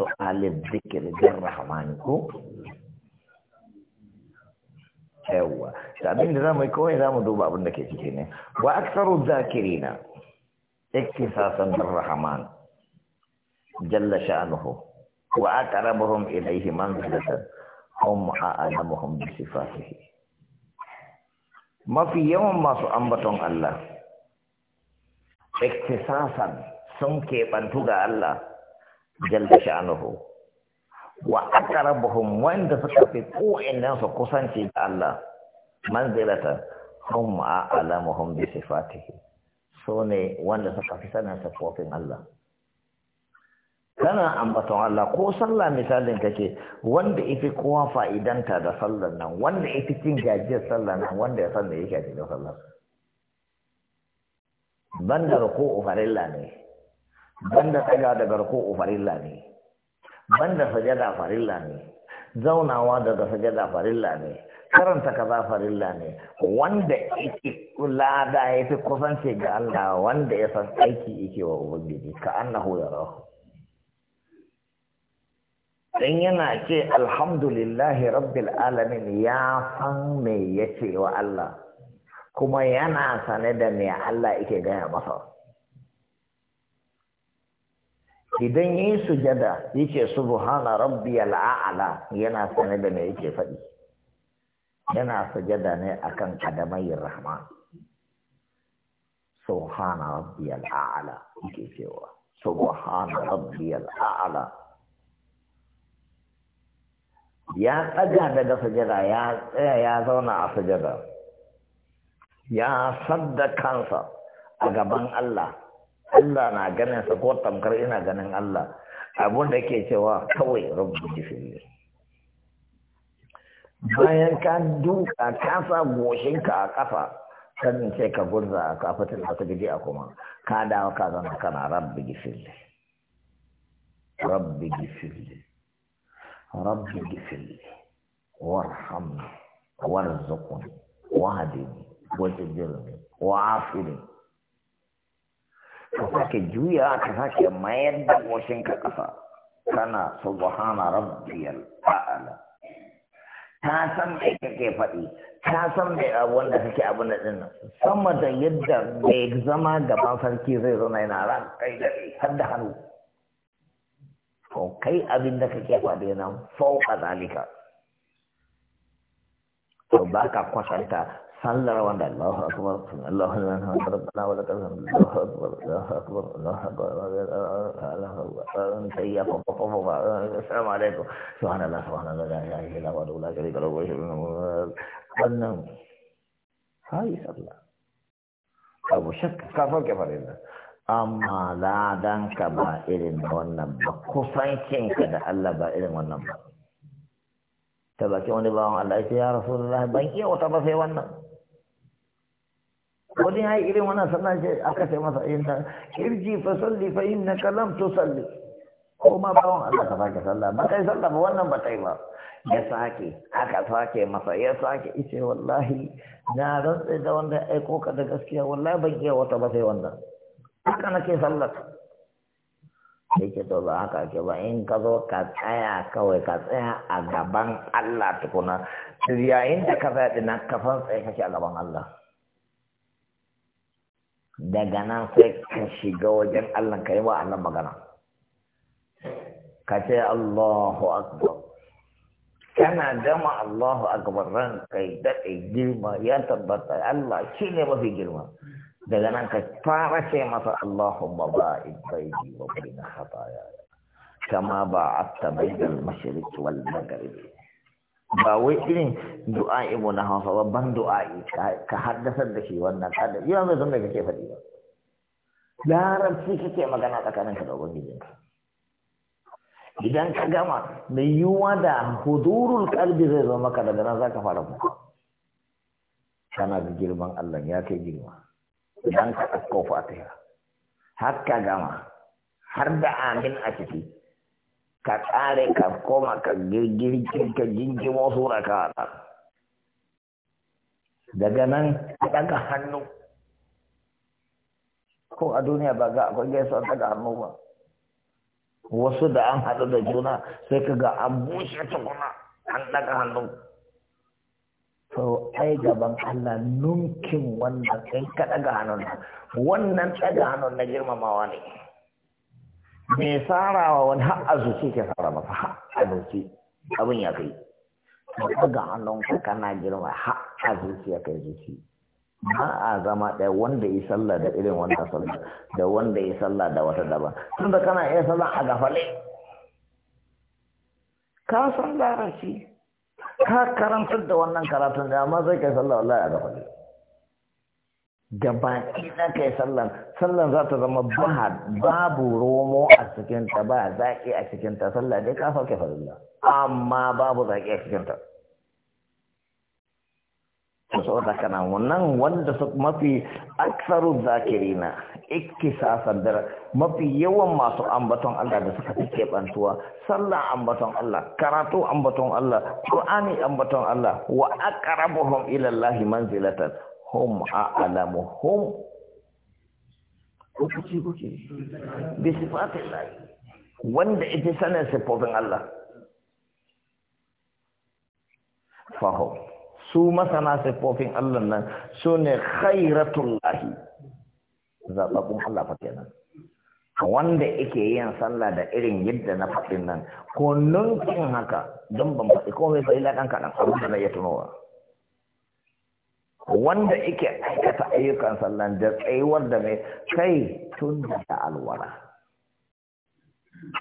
سؤال الذكر الرحمنه أيوة. هو تعبين نظام يكون نظام دوبا بندك يتكين وأكثر الذاكرين اكتساسا بالرحمن جل شأنه وأقربهم إليه منزلة هم أعلمهم بصفاته ما في يوم ما سأمبتون الله اكتساسا سمكي بنتوغا الله jalla sha'anuhu wa aqrabuhum wanda suka fi ko'innan su kusanci da Allah manzilata hum a'lamuhum bi sifatihi so ne wanda suka fi sanin sifofin Allah kana ambaton Allah ko sallah misalin kake wanda ifi kowa fa'idanta da sallar nan wanda ifi cin gajiyar sallar nan wanda ya san da yake cikin sallar banda ruku'u farilla ne banda tsaga da garko farilla ne banda sajada farilla ne zaunawa daga sajada farilla ne karanta kaza farilla ne wanda yake kula da ya fi kusance ga Allah wanda ya san aiki yake wa ubangiji ka annahu rahu. dan yana ce alhamdulillahi rabbil alamin ya san me yace wa Allah kuma yana sane da me Allah yake gaya masa idan yi sujada yake subhana rabbiyal a'la yana sane da me yake faɗi yana sujada ne akan kadamayin rahma subhana rabbiyal a'la yake cewa subhana rabbiyal a'la ya tsaga daga sujada ya tsaya ya zauna a sujada ya sadda kansa a gaban Allah Allah na ganin sa ko tamkar ina ganin Allah abun da yake cewa kawai rabbi jifiri bayan ka duka ka sa goshin ka a kafa sannan ce ka gurza a kafatin da ta a kuma ka dawo ka zama kana rabbi gifirli rabbi gifirli rabbi gifirli warhamni warzuqni wahdini wajirni wa'afini ka sake juya ka sake mayar da ka ƙasa kana subhana rabbiyal a'la ta san me kake faɗi ta san me abun da kake abun da din sama da yadda mai zama gaban sarki zai zo yana ran kai da har da hannu to kai abin da kake faɗi nan fauka zalika to ba ka sallar wanda Allahu akbar Allahu akbar wani bawan Allah ya ce ya iya ba wani ya yi irin wannan sannan ce aka sai masa yin da kirji fa salli fa inna kalam to salli ko ma bawon Allah ka sake salla ba kai salla ba wannan ba kai ba ya sake aka sake masa ya sake ice wallahi na rantsa da wanda ya aiko ka da gaskiya wallahi ban iya wata ba sai wannan haka nake Sai ke to ba haka ke ba in ka zo ka tsaya kawai ka tsaya a gaban Allah tukuna yayin inda ka tsaya dinan kafan tsaye kake a gaban Allah daga nan sai ka shiga wajen Allah ka yi wa Allah magana ka ce Allahu akbar kana gama Allahu akbar ran kai daɗe girma ya tabbata Allah shi ne mafi girma daga nan ka fara ce masa allahu Baba ba'id baini wa baina khataaya kama ba'atta bainal wal magaribi. ba wai irin du'a'i mu na hausa babban du'a'i ka haddasar da shi wannan kada yawan zai zama da kake faɗi ba larabci kake magana tsakanin ka da ka idan ka gama da yiwuwa da hudurul kalbi zai zo maka daga nan zaka fara kuka kana da girman Allah ya kai girma idan ka ɗauko fatiha har ka gama har da amin a ciki ka tsare ka koma ka girgirgin ka gingimo sura ka daga nan ka ɗaga hannu ko a duniya ba ga akwai gaisuwa ɗaga hannu ba wasu da an haɗu da juna sai ka ga an bushe tukuna an ɗaga hannu to ai gaban Allah nunkin wannan kai ka ɗaga hannun wannan ɗaga hannun na girmamawa ne mai sarawa wani ha'azu ce zuci ke tsara masa ha'azu ce zuci abin ya kai ka ga hannunka kana girma ha'azu ce zuci ya kai zuci ba a zama ɗaya wanda ya sallah da irin wanda sallah da wanda ya sallah da wata daban tunda kana iya sallah a gafale ka san larashi ka karantar da wannan karatun da amma zai kai sallah wallahi a gafale gaba ɗaya kai sallah. sallan za ta zama babu romo a cikinta ba zaƙi a cikinta sallah dai ka sauke farilla amma babu zaƙi a cikinta ta. da kana wannan wanda su mafi aksaru zakirina na ikkisasan da mafi yawan masu ambaton Allah da suka fi bantuwa sallah ambaton Allah karatu ambaton Allah qur'ani ambaton Allah wa aqrabuhum ila Allah manzilatan hum a'lamuhum lokaci kuke bi sifatin lahi wanda ita sanin sifofin Allah faho su masana sifofin Allah nan su ne khairatun lahi zaɓaɓɓun Allah fa kenan wanda yake yin sallah da irin yadda na faɗin nan ko nunkin haka don ban faɗi komai ba ila ɗan kaɗan abin da na iya tunowa wanda yake aikata ayyukan sallan da tsayuwar da mai kai tun daga alwala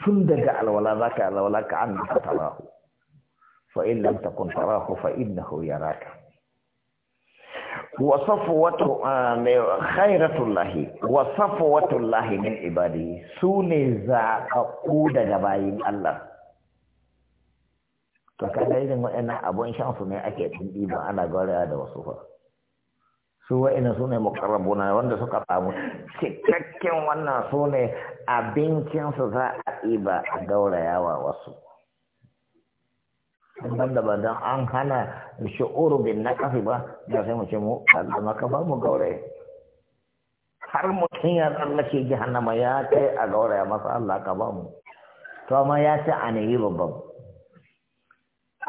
tun daga alwala za ka alwala ka an ka tarahu fa in ta kun tarahu fa innahu yaraka wa safwatu ah, khairatullahi wato lahi min za sune zaƙaƙu daga bayin Allah to kaga irin waɗannan abun shansu ne ake tun ɗiba ana gwarewa da wasu fa su wa'ina su ne mukarrabuna wanda suka samu cikakken wannan sune abincinsu za a ɗiba a gauraya yawa wasu Dan da an hana shi'uru bin na kafi ba da sai mu ce mu kallama maka ba mu gauraya har mutum ya ke jihannama ya kai a gauraya masa Allah ka ba mu to amma ya ce a ne yi babban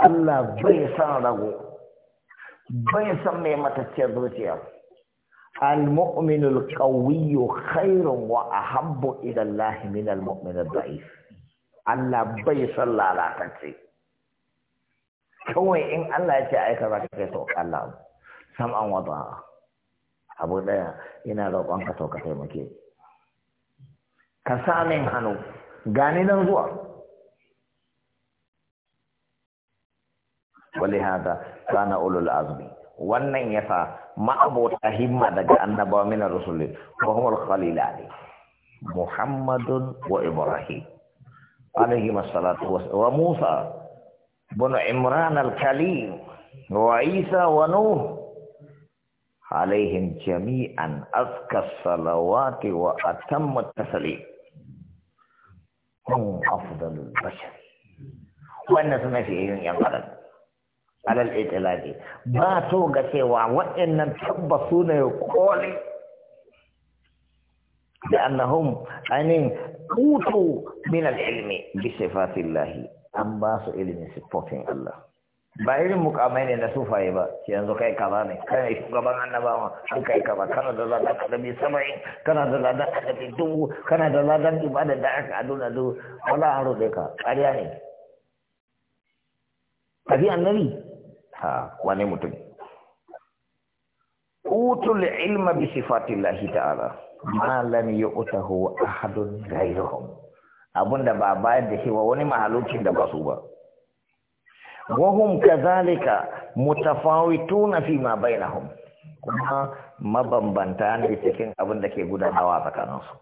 Allah bai san rago bai san mai matacciyar zuciya المؤمن القوي خير وأحب min الله من المؤمن الضعيف Allah bai san lalatacce kawai in Allah ya ce aika za ka kai to Allah sam an wata abu daya ina roƙon ka to ka taimake ka sa min hannu gani nan zuwa ولهذا كان أولو العزم ونن يفا معبوط أهمة دك أن من الرسل وهم الخليلان محمد وإبراهيم عليهما الصلاة والسلام وموسى بن عمران الكليم وعيسى ونوح عليهم جميعا أزكى الصلوات وأتم التسليم هم أفضل البشر وأن سمع في أيون ينقلب alal itilaqi ba to ga cewa waɗannan tabbasu ne koli da annahum ani kutu min al-ilmi bi Allah an ba su ilmi sifatin Allah ba irin mukamai ne na sufaye ba yanzu kai kaza ne kai ne shugaban annabawa an kai kaza kana da ladan adabi samai kana da ladan adabi dubu kana da ladan ibada da aka aduna du wala haru da ka kariya ne tafi annabi wani mutum utul ilma bi sifatillahi ta'ala ma lam yu'tahu ahadun ghayruhum abunda ba bayar da shi wani mahaluci da ba su ba wahum kazalika mutafawituna fi ma bainahum kuma mabambanta ne cikin abin da ke gudanawa tsakaninsu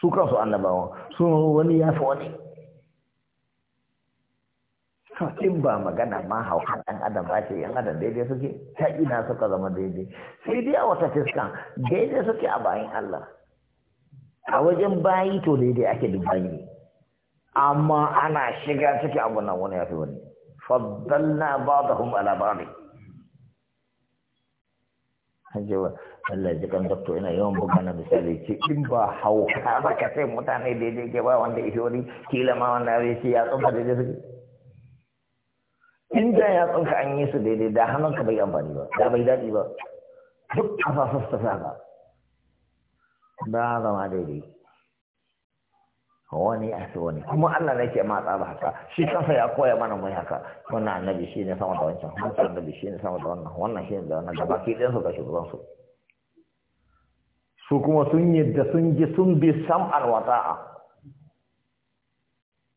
su kansu annabawa su wani ya fi wani in ba magana ma haukan haɗin adam ba ce yan adam daidai suke ta ina suka zama daidai sai dai a wata fiskan daidai suke a bayan Allah a wajen bayi to daidai ake duk bayi amma ana shiga suke abu nan wani ya fi wani faddalna ba'dahum ala ba'd wa Allah ji kan dokto ina yawan buga na misali ce in ba hauka ba ka sai mutane daidai ke ba wanda ishi kila ma wanda ya ce ya daidai suke In da ya tsanka an yi su daidai da hannunka bai amfani ba da bai daɗi ba duk kafafasta sa ba ba zama daidai wani a su wani kuma Allah na ke matsa ba haka shi kansa ya koya mana mai haka wannan annabi shi ne sama da wancan wancan annabi shi ne sama da wannan wannan shi ne da wannan gaba ke ɗansu ga shugaban su su kuma sun yi da sun ji sun bi sam'ar wata'a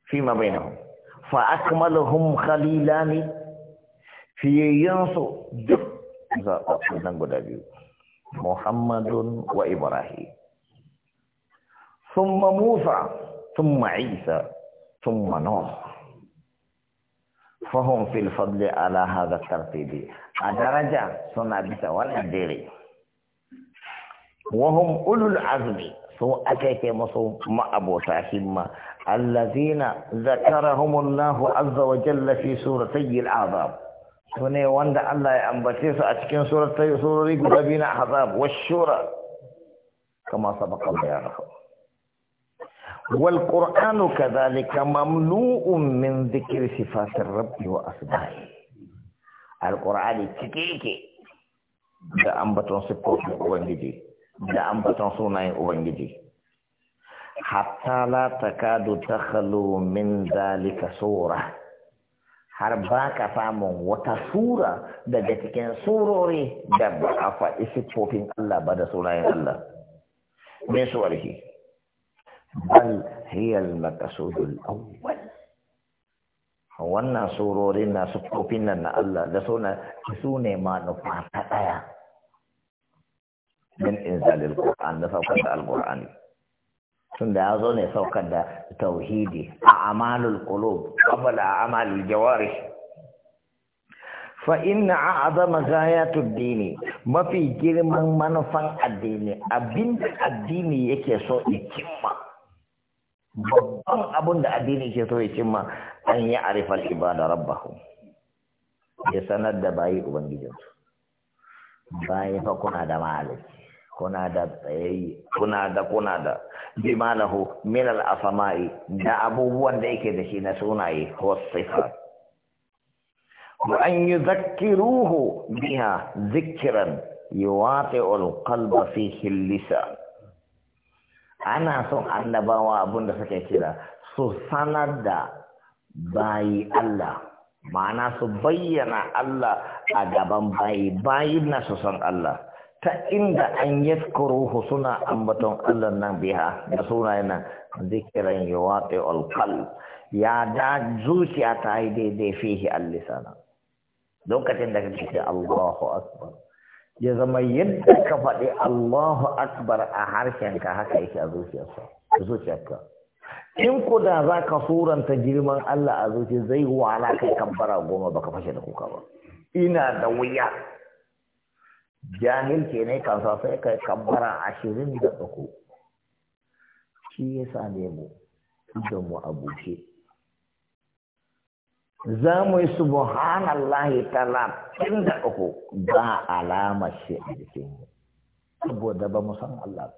fi ma na فأكملهم خليلان في ينصو محمد وإبراهيم ثم موسى ثم عيسى ثم نوح فهم في الفضل على هذا الترتيب الدرجة سنة بسوال الديري وهم أولو العزم سو اتيكي مصو ما ابو تاكيم الذين ذكرهم الله عز وجل في سورة العذاب هنا وند الله يأمبتيس أتكين سورة سورة ريكو عذاب والشورى كما سبق الله والقرآن كذلك مملوء من ذكر صفات الرب وأسمائه القرآن تكيكي ده أمبتون سبقه وانجدي da ambaton sunayen Ubangiji. Hatta la takadu takhalu min zalika sura har ba ka samun wata sura daga cikin surori da ba a faɗi siffofin Allah ba da sunayen Allah. Me su suwarki? Bal hiyal makasudul awwal. Wannan surorin na siffofin nan na Allah da suna su ne manufa ta ɗaya. min inzalil qur'an da saukar da alqur'ani tun da ya zo ne saukar da tauhidi a amalul qulub qabla amalul jawari fa inna a'zama ghayatud ma mafi girman manufan addini abinda addini yake so ya cimma babban abun da addini yake so ya cimma an yi arifal ibada rabbahu ya sanar da bayi ubangijinsu bayi fa kuna da malaki kuna da tsayayi kuna da kuna da jimalahu min al-asama'i da abubuwan da yake da shi na sunaye ko sifa. wa an yuzakkiruhu biha zikran yuwati'u al-qalba fihi al-lisan ana son annabawa abun da suke kira su sanar da bayi Allah ma'ana su bayyana Allah a gaban bayi bayin na su san Allah ta inda an yadkuruhu suna ambaton Allah nan biya da sunayen nan zikiran yuwaqi alkal. ya da zuciya ta yi daidai fihi allisana lokacin da kake ce Allahu akbar ya zama yadda ka faɗi Allahu akbar a harshen ka haka yake a zuciyarsa zuciyarka in ku da za ka suranta girman Allah a zuci zai wala kai kabbara goma baka fashe da kuka ba ina da wuya jahilci ne kansa sai kai kabbara ashirin da uku shi ya same mu da mu abuke za mu yi subhanallahi talatin da uku ba alama shi a jikinmu saboda ba mu san Allah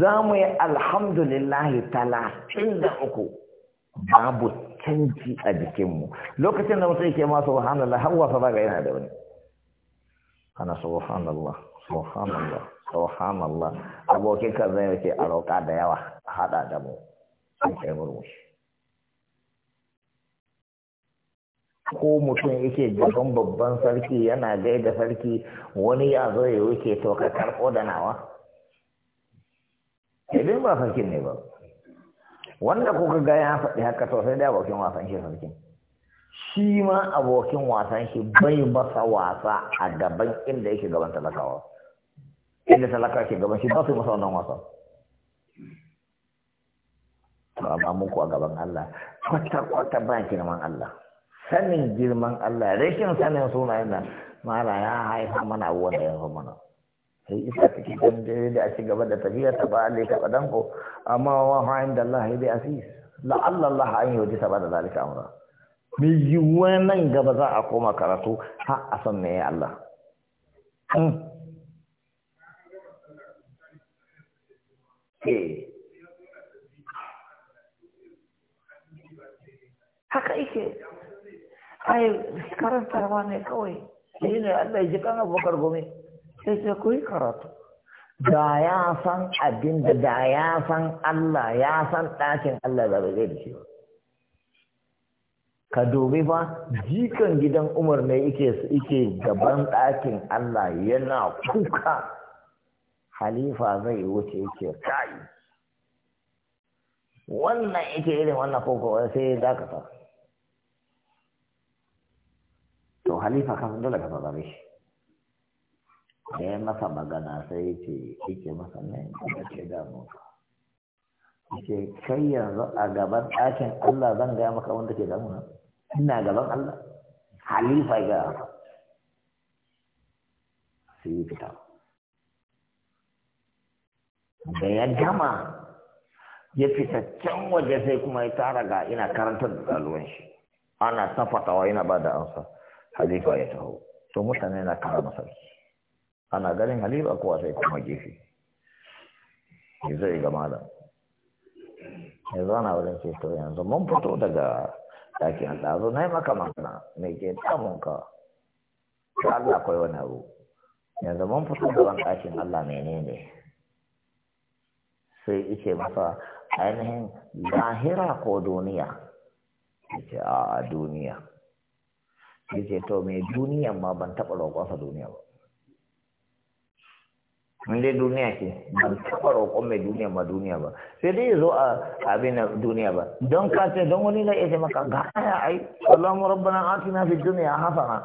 za mu yi alhamdulillahi talatin da uku babu canji a jikinmu lokacin da mutum ke masu subhanallah har wasa ba ga yana da wani kana subhanallah subhanallah subhanallah abokin ka zai yake aroka da yawa a haɗa da mu sai kai murmushi ko mutum yake gaban babban sarki yana gaida sarki wani ya zo ya wuce to ka karɓo da nawa idan eh, ba sarkin ne ba wanda kuka ga ya faɗi haka to sai da abokin wasan shi sarkin shi ma abokin wasan shi bai masa wasa a gaban inda yake gaban talakawa inda talaka ke gaban shi ba su masa wannan wasan amma muku a gaban Allah kwata-kwata ba girman Allah sanin girman Allah rashin sanin sunayen nan mara ya haifa mana abuwa da ya mana sai isa take kan dare da ci gaba da tafiya ta ba Allah ta kadan ko amma wa fa'in da Allah ya bi asis la Allah Allah an yi wajen ba da zalika amra me yi nan gaba za a koma karatu ha a san meye Allah hmm. eh. haka ike ai karantarwa ne kawai shi ne Allah ya ji kan abokar gome sai sai ku yi karatu da ya san abin da da ya san Allah ya san ɗakin Allah da bai da shi ba ka dubi ba jikan gidan umar ne yake yake gaban ɗakin Allah yana kuka halifa zai wuce yake kai wannan yake irin wannan koko sai ya dakata to halifa kan dole ka saurare shi da ya masa magana sai ya ce yake masa ne ya ce damu ce kai yanzu a gaban ɗakin Allah zan gaya maka wanda ke damuna ina gaban Allah halifa ga sai ya fita da ya gama ya fita can waje sai kuma ya tara ga ina karantar da ɗaluwan shi ana ta fatawa yana ba da ansa halifa ya taho to mutane na kara masarki ana ganin halifa kowa sai kuma gefe ya zai ga malam ya zana wajen ceto yanzu mun fito daga Taki an ɗazo na yi maka magana me ke damun ka. Allah akwai wani abu. Yanzu mun fito ban ɗakin Allah menene. Sai ice masa ainihin lahira ko duniya. Yace a duniya. Yace to me duniyan ma ban taɓa roƙonsa duniya ba. in dai duniya ce ban taɓa ko mai duniya ba duniya ba sai dai ya zo a abin duniya ba don ka ce don wani na iya maka ga aya ai Allahumma rabbana atina fid dunya hasana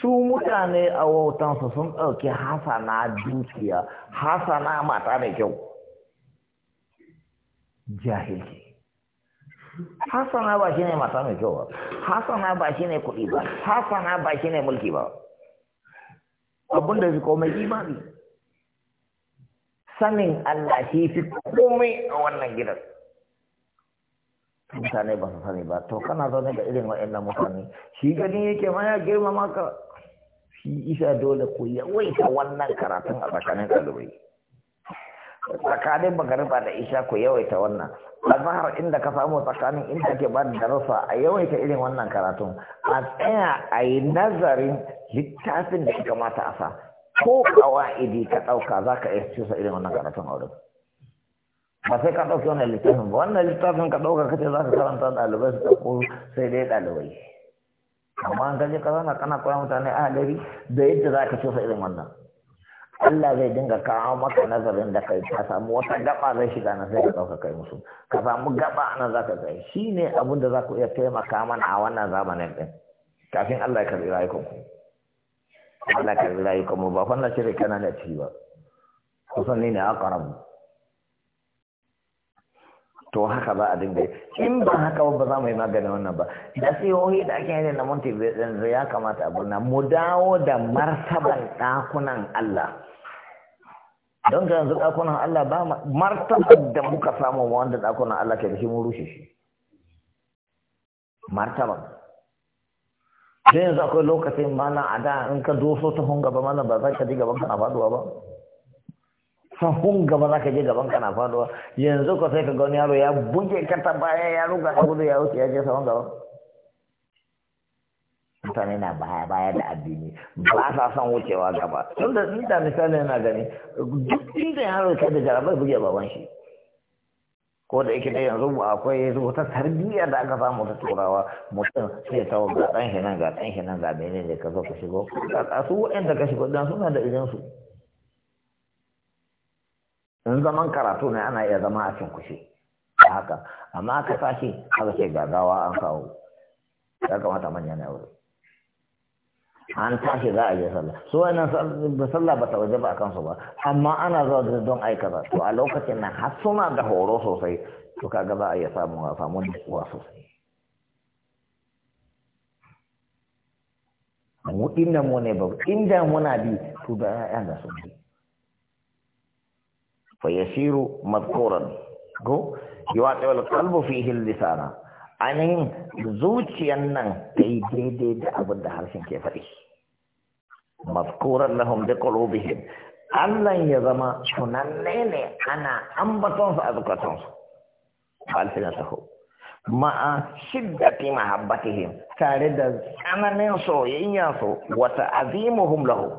su mutane a wautansu sun dauke hasana dukiya hasana mata ne kyau Jahil. hasana ba shine mata ne kyau hasana ba shine kudi ba hasana ba shine mulki ba Abunda shi komai imani sanin Allah shi fi komai a wannan gidan mutane ba su sani ba to kana zaune da irin waɗannan mutane shi gani yake ma ya girmama ka shi isa dole ku yawaita wannan karatun a tsakanin kalubai. tsakanin magariba da isha ku yawaita wannan A zahar inda ka samu tsakanin inda ke ba da darussa a yawaita irin wannan karatun a tsaya a yi nazarin littafin da ya kamata a sa ko kawa'idi ka ɗauka za ka iya cusa irin wannan karatun auren ba sai ka ɗauki wannan littafin ba wannan littafin ka ɗauka kace za ka karanta ɗalibai su ɗauko sai dai ɗalibai amma an gaje ka zauna kana koya mutane a da yadda za ka cusa irin wannan Allah zai dinga kawo maka nazarin da kai ka samu wata gaba zai shiga na sai ka ɗauka kai musu ka samu gaba nan za ka kai shi ne abin da za ku iya taimaka mana a wannan zamanin ɗin kafin Allah ya karɓi rayukanku. Ala ka rayu kuma ba wannan shirka kana da ci ba kusan ne ne na mu to haka ba a dinga in ba haka ba za mu yi maganin wannan ba da yi da ake yi na munti yanzu ya kamata a burna mu dawo da martaban ɗakunan Allah don ga yanzu ɗakunan Allah ba martaban da muka samu wanda ɗakunan Allah ke da shi mun rushe shi martaban sai yanzu akwai lokacin mana a da in ka doso ta hun gaba mana ba za ka ji gaban kana faduwa ba sahun gaba za ka je gaban kana faduwa yanzu ka sai ka ga wani yaro ya buge ka ta baya ya ruga ta gudu ya wuce ya je sahun gaba mutane na baya baya da addini ba sa son wucewa gaba tunda inda misali yana gani duk inda yaro ka da jarabai buge baban shi ko da yake dai yanzu mu akwai wata tarbiyya da aka samu ta turawa mutum sai ta ga dan shi nan ga dan shi nan ga menene ka zo ka shigo ka su waɗanda ka shigo dan suna da idan su in zaman karatu ne ana iya zama a cin kushe haka amma ka tashi haka sai gagawa an kawo ya kamata manya na wuri an tashi za a je sallah su wannan sallah ba ta waje ba a kansu ba amma ana zuwa da don aikata, to a lokacin nan har suna da horo sosai to kaga za a iya samu a samu nutsuwa sosai mu inda mu ne ba inda muna bi to ba ƴaƴan da su bi fa yasiru madkuran go yuwa qalbu fihi lisana anin zuciyan nan ta yi daidai da abin da harshen ke faɗi mafkuran lahum da qulubihim Allah ya zama tunanne ne ana ambatonsu a ta ho. ma'a shiddati mahabbatihim tare da tsananin soyayya su wata azimu lahu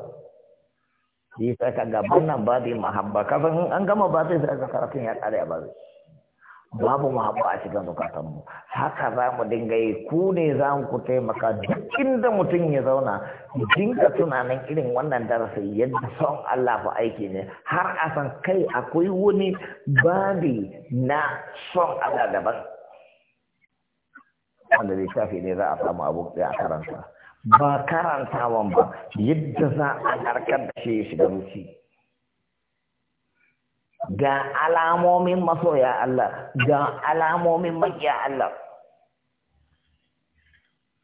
yi ka gaban nan babin mahabba kafin an gama ba sai sai karatun ya ƙare a babi babu mu haɓu a cikin zukatanmu haka za mu dinga yi ku ne za ku taimaka duk inda mutum ya zauna dinga tunanin irin wannan darasi yadda son Allah fa aiki ne har a san kai akwai wani babi na son Allah daban wanda zai shafi ne za a samu abu da a karanta ba karantawan ba yadda za a harkar da shi ya shiga zuci ga alamomin masoya Allah ga alamomin magiya Allah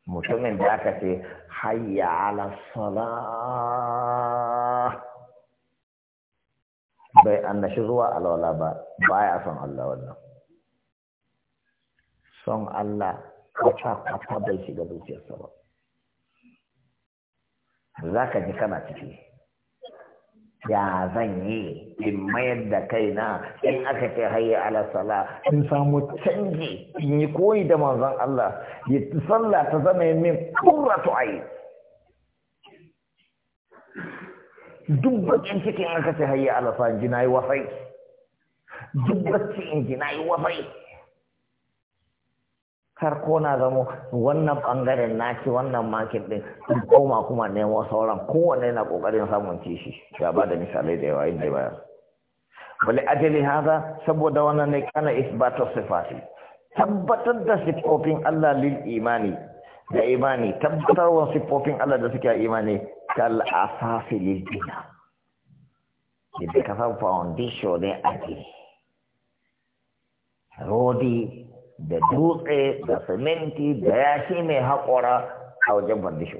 mutumin da aka ce hayya ala sala bai annashi zuwa alwala ba baya son Allah wannan son Allah kwata-kwata bai shiga zuciyarsa ba za ka ji kana ciki ya zan yi in mayar da kaina in aka ce hayi ala sala in samu canji in yi koyi da manzon Allah ya sallah ta zama min qurratu ayi duk bakin cikin aka ce hayi ala sala jina wafai duk bakin in jina kar ko na zamo wannan bangaren naki wannan makin din in koma kuma nemo sauran kowanne na kokarin samun kishi ya ba da misalai da yawa inda baya wali ajali haza saboda wannan ne kana isbatu sifati tabbatar da sifofin Allah lil imani da imani Tabbatar wa sifofin Allah da suke imani kal asafi lil dina da ka foundation ne ake rodi da dutse da siminti da yashi mai haƙora a wajen bandisho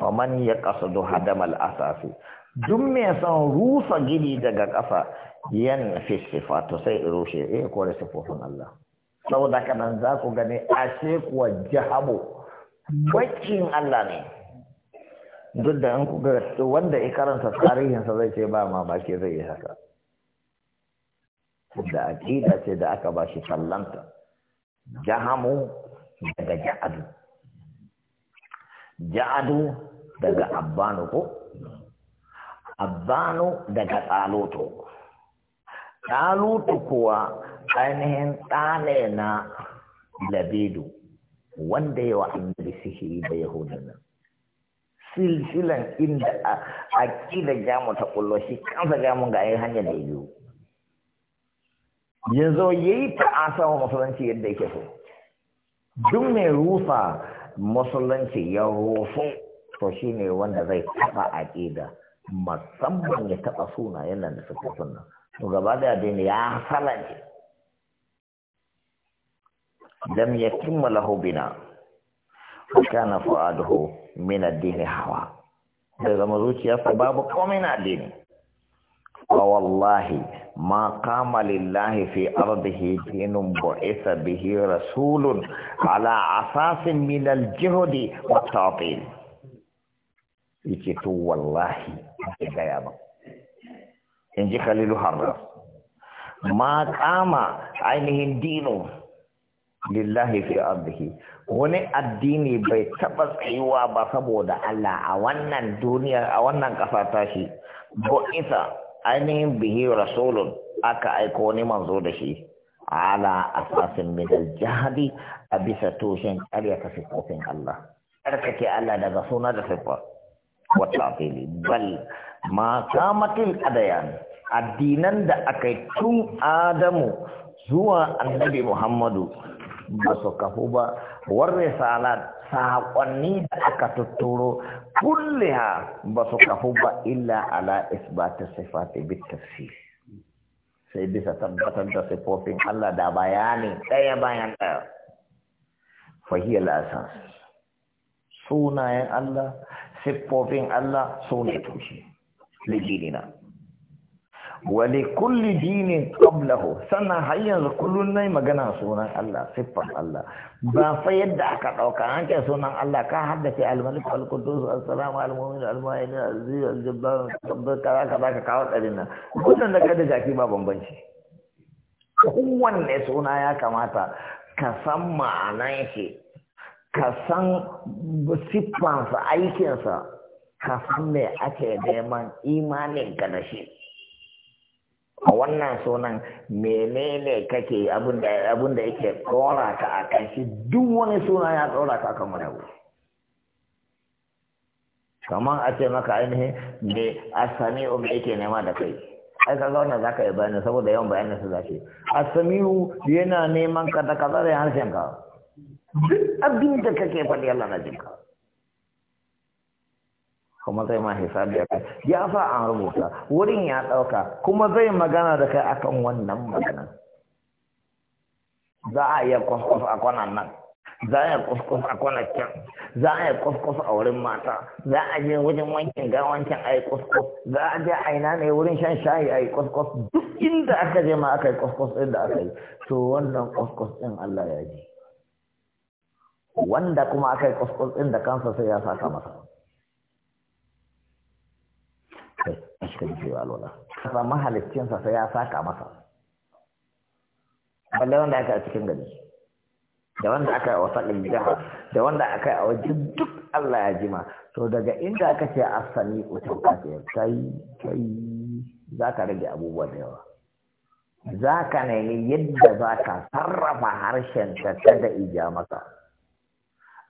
faman ya ƙasa do hadamal asasi duk mai son rusa gini daga ƙasa yan fi to sai rushe eh kore sifofin Allah saboda kanan za ku gani a kuwa jihabo, bakin Allah ne duk da an ku ga wanda ya karanta tarihinsa zai ce ba mamaki zai yi haka da aƙida ce da aka ba shi sallanta jahamu daga ja'adu ja'adu daga abbanu ko abbanu daga tsaluto tsaluto kuwa ainihin tsane na labidu wanda yawa annabi sihiri da yahudan nan silsilan inda da jamu ta ƙullo shi kansa jamun ga hanyar da yi biyu Yanzu zo ya yi ta'asa wa musulunci yadda yake so duk mai rufa musulunci ya rufu to shi ne wanda zai taɓa ƙida musamman ya taɓa suna yana da suka suna to gaba da yadda ya salance ya yakimma lahu bina wa kana fu'aduhu min ad-din hawa da zama zuciyarsa babu komai na addini فوالله ما قام لله في أرضه دين بعث به رسول على أساس من الجهد والتعطيل يكتو والله يا إن جي خليل حرر ما قام ainihin دينه lillahi fi ardihi wani addini bai taba tsayuwa ba saboda Allah a wannan duniya a wannan kasa tashi bo ainihin bihi rasulun aka aiko wani manzo da shi ala asasin min aljahadi a bisa tushen ƙarya ta siffofin Allah tsarkake Allah daga suna da siffa wata fili bal ma kamatil adayan addinan da aka yi tun Adamu zuwa annabi Muhammadu ba su kafu ba war risalat saƙonni da aka tutturo kulliha ba su kafu ba illa ala isbata sifati bi tafsir sai bisa tabbatar da sifofin Allah da bayani ɗaya bayan ɗaya fahiyar asas sunayen Allah sifofin Allah su tushe ligilina Wani kulli dinin qablahu sannan har yanzu kullum nayi magana sunan Allah siffar Allah ba fa yadda aka ɗauka, an ke sunan Allah ka haddace al alkudus al-quddus as-salam al-mu'min al ka kawo ɗarin nan Wannan da ka da jaki ba bambanci kowanne suna ya kamata ka san ma'anan shi ka san siffansa aikinsa ka san me ake neman imanin ka da shi a wannan sunan menene kake abin da yake tsora ka a kan duk wani suna ya tsora ka kan wani abu kamar a ce maka ainihin ne a sami me yake nema da kai ai ka zauna za ka yi bayani saboda yawan bayanin su zafi asamiu yana neman ka da kaza harshen ka duk abin da kake faɗi Allah na jinka kuma zai ma hisabi a kai ya sa an rubuta wurin ya ɗauka kuma zai magana da kai akan wannan magana za a iya kwaskwasa a kwanan nan za a iya kwaskwasa a kwanan can za a iya kwaskwasa a wurin mata za a je wajen wankin ga wankin a yi kwaskwas za a je a ina ne wurin shan shayi a yi kwaskwas duk inda aka je ma aka yi kwaskwas inda aka yi to wannan kwaskwas ɗin Allah ya ji wanda kuma aka yi kwaskwas ɗin da kansa sai ya saka masa ka yi kasa mahaliccinsa sai ya saka masa balle wanda aka a cikin gari da wanda aka a wasa jiha da wanda aka a waje duk Allah ya jima to daga inda aka ce asali utun kafiyar kai kai za ka rage abubuwa da yawa za ka nemi yadda za ka sarrafa harshen ta da ija masa,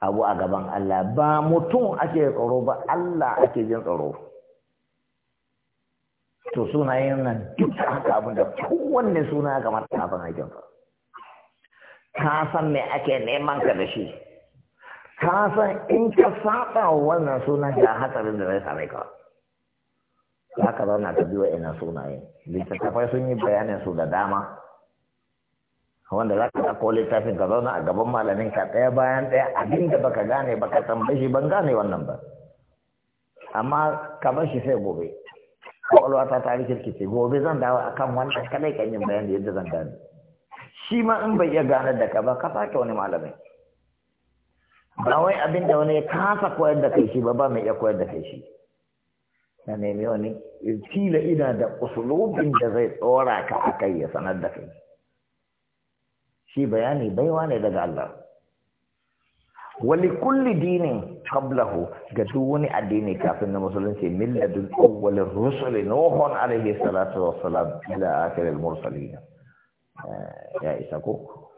abu a gaban Allah ba mutum ake tsoro ba Allah ake jin tsoro to sunayen nan duk haka abin da kowanne suna kamar ta abin aikinsa ka san me ake neman ka da shi ka san in ka saba wa wannan suna ga hatsarin da zai same ka za ka zauna ka biyo ina sunaye littattafai sun yi bayanin su da dama wanda za ka ɗauko littafin ka zauna a gaban malamin ka ɗaya bayan ɗaya abin da baka gane baka tambaye shi ban gane wannan ba amma ka bar shi sai gobe kwakwalwa ta ta rikirkice gobe zan dawo akan wannan kadai kan yin bayani yadda zan gane shi ma in bai iya ganar da ka ba ka sake wani malamai ba wai abin da wani ya kasa koyar da kai shi ba ba mai iya koyar da kai shi na nemi wani kila ina da usulubin da zai tsora ka a kai ya sanar da kai shi bayani baiwa ne daga Allah wali kulli dinin qablahu ga duk wani addini kafin na musulunci milladun awwalin rusuli nuhun alaihi salatu wassalam ila akhiril mursalin eh, ya isa ko